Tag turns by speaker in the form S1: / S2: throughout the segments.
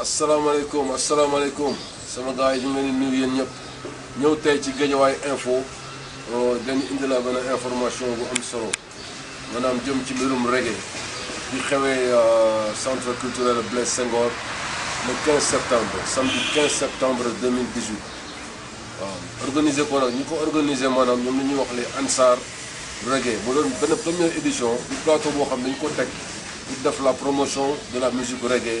S1: Assalamu alaikum, sama gars yi ñu ngi Je di nuyu yéen ñëpp ñëw tey ci Guédiawaye info oh, dañu indi la benn information bu am solo Manam jëm ci mbirum reggae bi xewee euh, centre culturel Blaise Senghor le 15 septembre samedi 15 septembre 2018 organisé ko nag ñi ko organisé manam ñoom la wax les Ansar reggae bu doon benn première édition du plateau boo xam dañ ko teg pour def la promotion de la musique reggae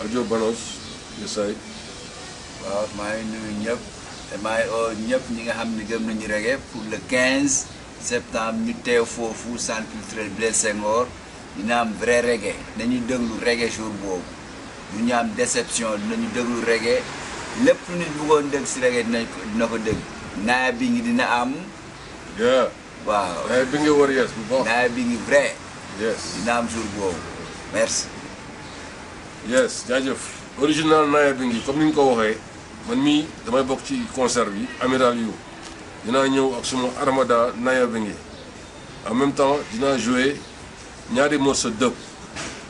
S1: Adio Balance Yesay. waaw maa ngi nuyu ñëpp ñi nga xam ne gëm nañu reggae pour le 15 septembre ñu
S2: teew foofu centre culturel Blaise Senghor dina am vrai reggae nañu déglu reggae jour boobu ñu am déception dinañu déglu reggae lépp lu nit bëggoon si reggae dina ko dégg naay bi ngi dina am. waaw naay
S1: bi ngi wër yes bu baax naay bi ngi vrai. dina am jour boobu yes jaajëf original naya bingi. comme ni nga ko waxee man mii damay bokk ci concert bi amiral yu dinaa ñëw ak suma armada naya bingi. en même temps dinaa jouer ñaari morceau dëpp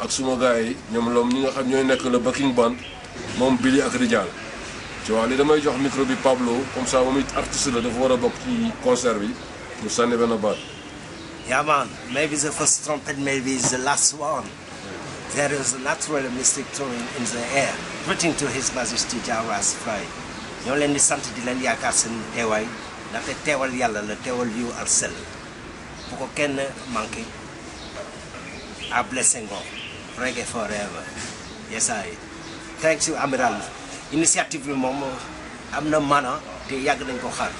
S1: ak suma gars yi ñoom loom ñi nga xam ñooy nekk le backing band mon Billy ak Rijal tu vois li damay jox micro bi Pablo comme ça moom it artiste de devoir war ci concert bi mu sànni benn baat.
S2: Yeah maybe the first trumpet, maybe the last one. There is a natural mystic touring in the air, greeting to His Majesty Jawa's flight. ñoo leen di sant di leen yaakaar seen teewaay ndaxte teewal yàlla la teewal yiw ak sell bu ko kenn manqué à Blessingor reggae forever Yes I. thanks you amiral initiative bi i am no maana the yagan kohar. ko xaar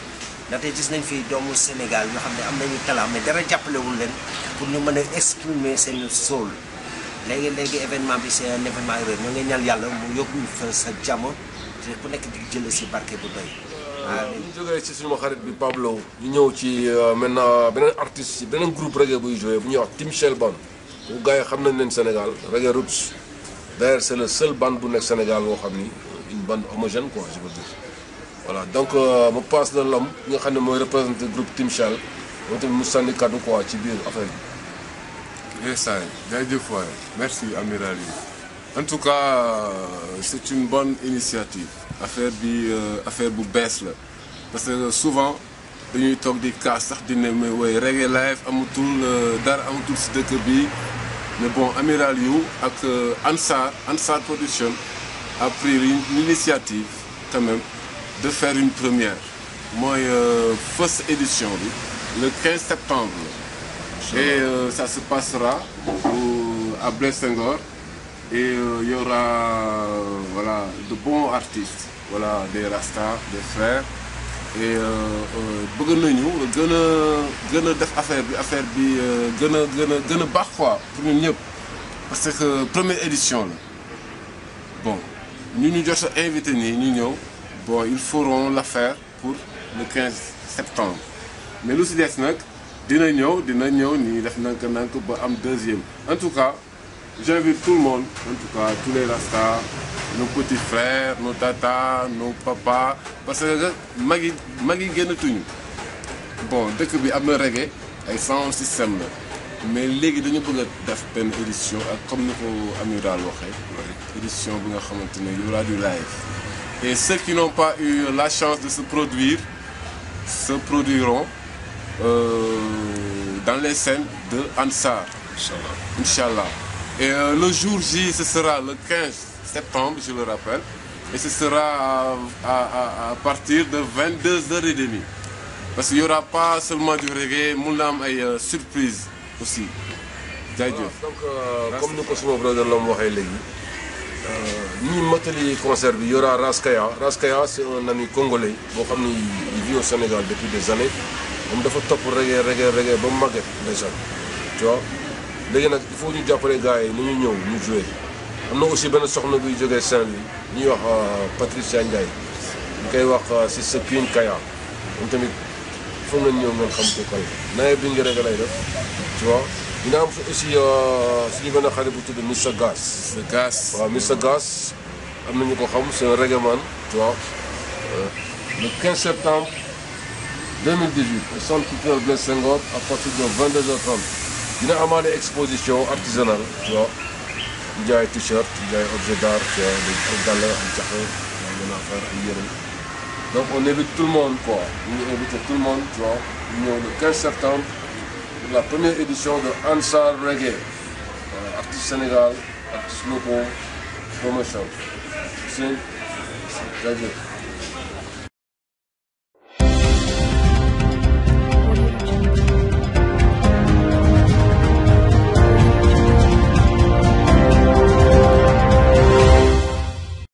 S2: ndaxte gis nañ fi doomu Sénégal yoo xam ne am nañu talent mais dara jàppalewul leen pour ñu mën a exprimer seen soul léegi léegi événement bi c'est un événement heureux ñoo ngi ñaan yàlla mu yóbbu ñu fa sa jàmm te ku nek di jël ci barke bu doy.
S1: waaw euh, ñu jógee si suñu xarit bi Pablo ñu ñëw ci euh, maintenant benen artiste benen groupe reggae bu joué bu ñu wax Tim Shelban bu gaay yi xam nañ leen Sénégal reggae roots d'ailleurs c'est le seul band bu nek Sénégal boo xamni euh, une bande homogène quoi je veux dire voilà donc mu passe la lom nga xam moy représenter groupe Tim Shell moom tamit mu sànni quoi
S2: ci biir affaire eh, merci Amiraliou. en tout cas euh, c'est une bonne initiative affaire bi euh, affaire bu baisse parce que souvent dañuy tok di des sax di ne mais way reggae live amatul euh, dara amatul de dëkk bi mais bon Amiral yu ak Ansar Ansar Production a pris l'initiative quand même de faire une première une fausse édition le 15 septembre et euh, ça se passera au, à Blessingor. Et euh, il y aura voilà, de bons artistes, voilà, des Rasta, des frères. et nous avons fait def affaire bi affaire bi euh, pour nous parce que première édition la bon Nous nous jot a invité nous, bon ils feront l'affaire pour le 15 septembre mais nous, c'est des dina ñëw dina ñëw nii def ba am deuxième en tout cas j'invite tout le monde en tout cas tous les rastas nos petits frères nos tatas nos papas parce que magi, magi mag tuñu bon dëkk bi am na reggae ay en système mais léegi dañu bëgg a def benn édition comme nous, ko Amiral waxee édition bi nga maintenir ne y du live et ceux qui n'ont pas eu la chance de se produire se produiront euh, dans les scènes de Ansar. Inch'Allah. Et euh, le jour J, ce sera le 15 septembre, je le rappelle. Et ce sera à, partir de 22h30. Parce qu'il n'y aura pas seulement du reggae, Moulam est euh, surprise aussi. D'ailleurs. donc comme nous consommons suma brother l'homme waxee léegi
S1: ñi il il y aura Raskaya Raskaya c'est un ami congolais il vit au Sénégal depuis des années moom dafa topp reggae reggae reggae ba mu ndeysaan tu vois léegi nag il ñu jàppale gars yi ni ñu ñëw ñu joué am na aussi benn soxna buy jógee Saint-Louis ñuy wax euh, Patricia Ndiaye ñu koy wax euh, si sa Queen Kaya moom tamit foog ngeen ñëw ngeen xam ko kay nawet bi nga reggae lay def tu vois dina am aussi euh, suñu benn xale bu tudd Mr Gas Mr Gas waaw Mr Gas am na ñu ko xam c'est un reggae man tu vois septembre 2018 s'en centre culturel Blaise Senghor à partir de 22h30 dina amaale exposition artisanale y a des t a des des objet d'art des objets des des des des affaires, des a donc on invite tout le monde quoi On invite tout le monde tu vois le 15 septembre la première édition de Ansar Reggae artiste Sénégal artiste locaux promotion c'est c'est très bien